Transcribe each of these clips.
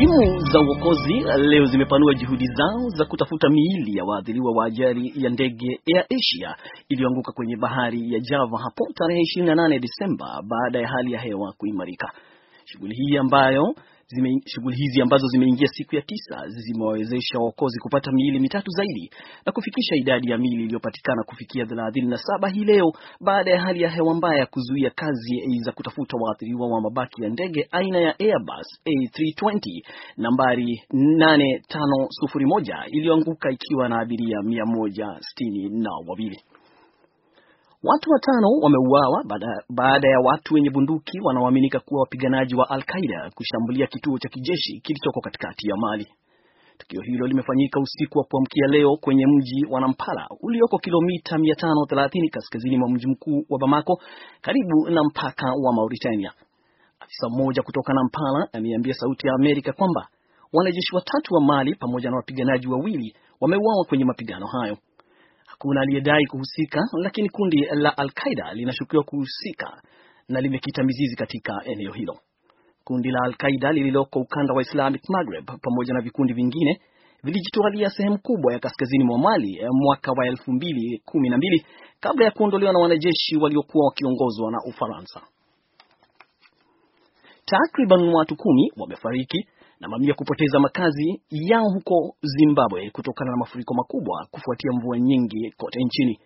Timu za uokozi leo zimepanua juhudi zao za kutafuta miili ya waathiriwa wa ajali ya ndege ya Asia iliyoanguka kwenye bahari ya Java hapo tarehe 28 Desemba baada ya hali ya hewa kuimarika. Shughuli hii ambayo zime, shughuli hizi ambazo zimeingia siku ya tisa zimewawezesha waokozi kupata miili mitatu zaidi na kufikisha idadi ya miili iliyopatikana kufikia 37 hii leo baada ya hali ya hewa mbaya kuzuia kazi za kutafuta waathiriwa wa mabaki ya ndege aina ya Airbus A320 nambari 8501 iliyoanguka ikiwa na abiria 162. Watu watano wameuawa baada ya watu wenye bunduki wanaoaminika kuwa wapiganaji wa Al-Qaida kushambulia kituo cha kijeshi kilichoko katikati ya Mali. Tukio hilo limefanyika usiku wa kuamkia leo kwenye mji wa Nampala ulioko kilomita 530 kaskazini mwa mji mkuu wa Bamako karibu na mpaka wa Mauritania. Afisa mmoja kutoka Nampala ameiambia Sauti ya Amerika kwamba wanajeshi watatu wa Mali pamoja na wapiganaji wawili wameuawa kwenye mapigano hayo. Kuna aliyedai kuhusika, lakini kundi la Al-Qaida linashukiwa kuhusika na limekita mizizi katika eneo hilo. Kundi la Al-Qaida lililoko ukanda wa Islamic Maghreb pamoja na vikundi vingine vilijitwalia sehemu kubwa ya kaskazini mwa Mali eh, mwaka wa 2012 kabla ya kuondolewa na wanajeshi waliokuwa wakiongozwa na Ufaransa. Takriban watu kumi wamefariki na mamia kupoteza makazi yao huko Zimbabwe kutokana na mafuriko makubwa kufuatia mvua nyingi kote nchini.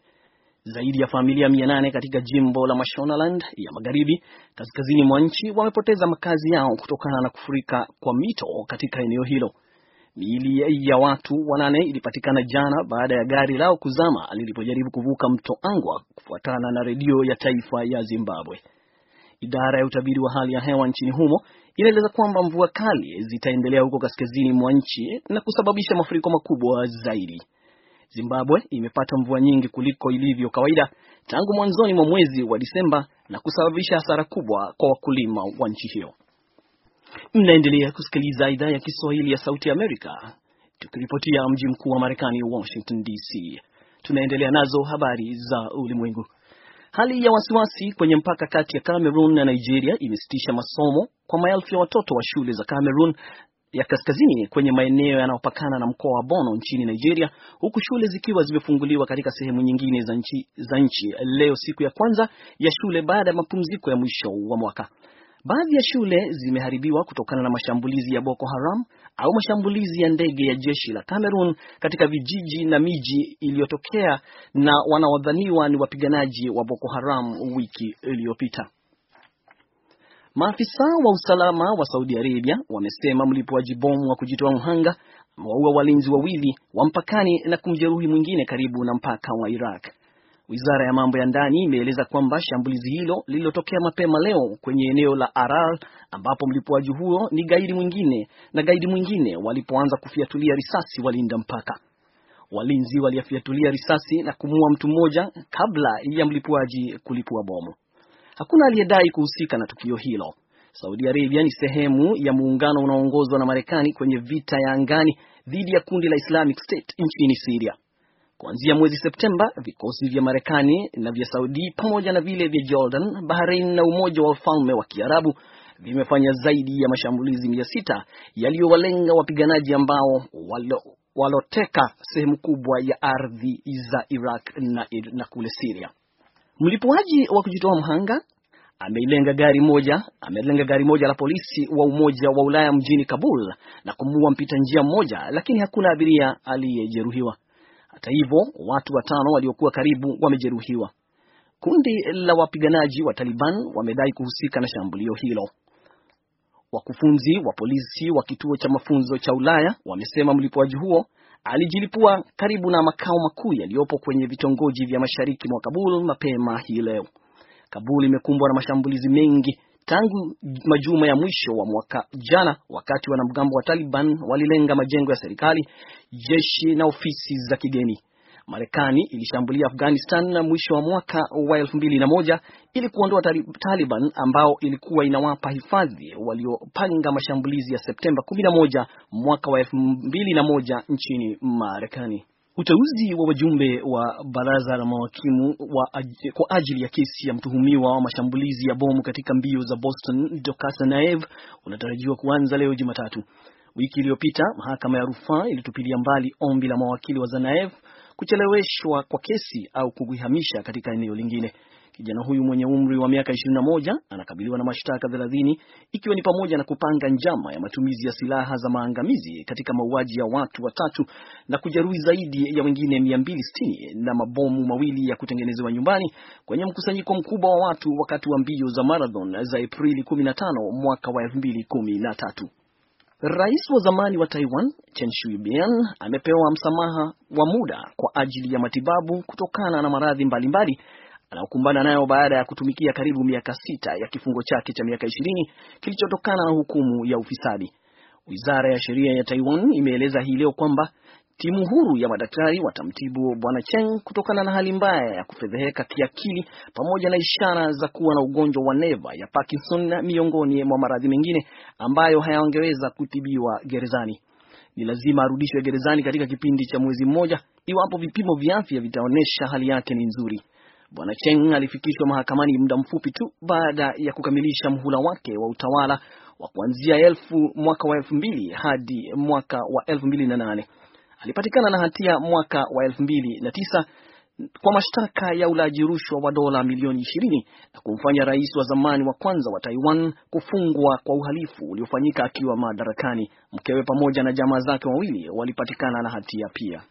Zaidi ya familia mia nane katika jimbo la Mashonaland ya magharibi kaskazini mwa nchi wamepoteza makazi yao kutokana na kufurika kwa mito katika eneo hilo. Miili ya watu wanane ilipatikana jana baada ya gari lao kuzama lilipojaribu kuvuka mto Angwa, kufuatana na redio ya taifa ya Zimbabwe. Idara ya utabiri wa hali ya hewa nchini humo inaeleza kwamba mvua kali zitaendelea huko kaskazini mwa nchi na kusababisha mafuriko makubwa zaidi. Zimbabwe imepata mvua nyingi kuliko ilivyo kawaida tangu mwanzoni mwa mwezi wa Disemba na kusababisha hasara kubwa kwa wakulima wa nchi hiyo. Mnaendelea kusikiliza idhaa ya Kiswahili ya Sauti ya Amerika, tukiripotia mji mkuu wa Marekani, Washington DC. Tunaendelea nazo habari za ulimwengu. Hali ya wasiwasi kwenye mpaka kati ya Cameroon na Nigeria imesitisha masomo kwa maelfu ya watoto wa shule za Cameroon ya kaskazini kwenye maeneo yanayopakana na mkoa wa Bono nchini Nigeria, huku shule zikiwa zimefunguliwa katika sehemu nyingine za nchi, za nchi leo siku ya kwanza ya shule baada ya mapumziko ya mwisho wa mwaka. Baadhi ya shule zimeharibiwa kutokana na mashambulizi ya Boko Haram au mashambulizi ya ndege ya jeshi la Cameroon katika vijiji na miji iliyotokea na wanaodhaniwa ni wapiganaji wa Boko Haram wiki iliyopita. Maafisa wa usalama wa Saudi Arabia wamesema mlipuaji bomu wa kujitoa mhanga amewaua walinzi wawili wa mpakani na kumjeruhi mwingine karibu na mpaka wa Iraq. Wizara ya mambo ya ndani imeeleza kwamba shambulizi hilo lililotokea mapema leo kwenye eneo la Aral ambapo mlipuaji huo ni gaidi mwingine na gaidi mwingine walipoanza kufiatulia risasi walinda mpaka. Walinzi waliafiatulia risasi na kumua mtu mmoja kabla ya mlipuaji kulipua bomu. Hakuna aliyedai kuhusika na tukio hilo. Saudi Arabia ni sehemu ya muungano unaoongozwa na Marekani kwenye vita ya angani dhidi ya kundi la Islamic State nchini Syria. Kuanzia mwezi Septemba, vikosi vya Marekani na vya Saudi pamoja na vile vya Jordan, Bahrain na Umoja wa Ufalme wa Kiarabu vimefanya zaidi ya mashambulizi mia sita yaliyowalenga wapiganaji ambao walo, waloteka sehemu kubwa ya ardhi za Iraq na, na kule Siria. Mlipuaji wa kujitoa mhanga ameilenga gari moja amelenga gari moja la polisi wa Umoja wa Ulaya mjini Kabul na kumuua mpita njia mmoja, lakini hakuna abiria aliyejeruhiwa. Hata hivyo, watu watano waliokuwa karibu wamejeruhiwa. Kundi la wapiganaji wa Taliban wamedai kuhusika na shambulio hilo. Wakufunzi wa polisi wa kituo cha mafunzo cha Ulaya wamesema mlipuaji huo alijilipua karibu na makao makuu yaliyopo kwenye vitongoji vya mashariki mwa Kabul mapema hii leo. Kabul imekumbwa na mashambulizi mengi tangu majuma ya mwisho wa mwaka jana, wakati wanamgambo wa Taliban walilenga majengo ya serikali, jeshi na ofisi za kigeni. Marekani ilishambulia Afghanistan na mwisho wa mwaka wa elfu mbili na moja ili kuondoa Taliban ambao ilikuwa inawapa hifadhi waliopanga mashambulizi ya Septemba 11 mwaka wa elfu mbili na moja nchini Marekani. Uteuzi wa wajumbe wa baraza la mawakimu wa, kwa ajili ya kesi ya mtuhumiwa wa mashambulizi ya bomu katika mbio za Boston Dokasanaev unatarajiwa kuanza leo Jumatatu. Wiki iliyopita mahakama ya rufaa ilitupilia mbali ombi la mawakili wa Zanaev kucheleweshwa kwa kesi au kuihamisha katika eneo lingine. Kijana huyu mwenye umri wa miaka 21 anakabiliwa na mashtaka 30 ikiwa ni pamoja na kupanga njama ya matumizi ya silaha za maangamizi katika mauaji ya watu watatu na kujeruhi zaidi ya wengine 260 na mabomu mawili ya kutengenezewa nyumbani kwenye mkusanyiko mkubwa wa watu wakati wa mbio za marathon za Aprili 15 mwaka wa 2013. Rais wa zamani wa Taiwan Chen Shui-bian amepewa msamaha wa muda kwa ajili ya matibabu kutokana na maradhi mbalimbali anayokumbana nayo baada ya kutumikia karibu miaka sita ya kifungo chake cha miaka ishirini kilichotokana na hukumu ya ufisadi. Wizara ya sheria ya Taiwan imeeleza hii leo kwamba timu huru ya madaktari watamtibu bwana Cheng kutokana na hali mbaya ya kufedheheka kiakili pamoja na ishara za kuwa na ugonjwa wa neva ya Parkinson na miongoni mwa maradhi mengine ambayo hayangeweza kutibiwa gerezani. Ni lazima arudishwe gerezani katika kipindi cha mwezi mmoja iwapo vipimo vya afya vitaonyesha hali yake ni nzuri. Bwana Cheng alifikishwa mahakamani muda mfupi tu baada ya kukamilisha mhula wake wa utawala wa kuanzia elfu mwaka wa elfu mbili hadi mwaka wa elfu mbili na nane. Alipatikana na hatia mwaka wa elfu mbili na tisa kwa mashtaka ya ulaji rushwa wa dola milioni ishirini na kumfanya rais wa zamani wa kwanza wa Taiwan kufungwa kwa uhalifu uliofanyika akiwa madarakani. Mkewe pamoja na jamaa zake wawili walipatikana na hatia pia.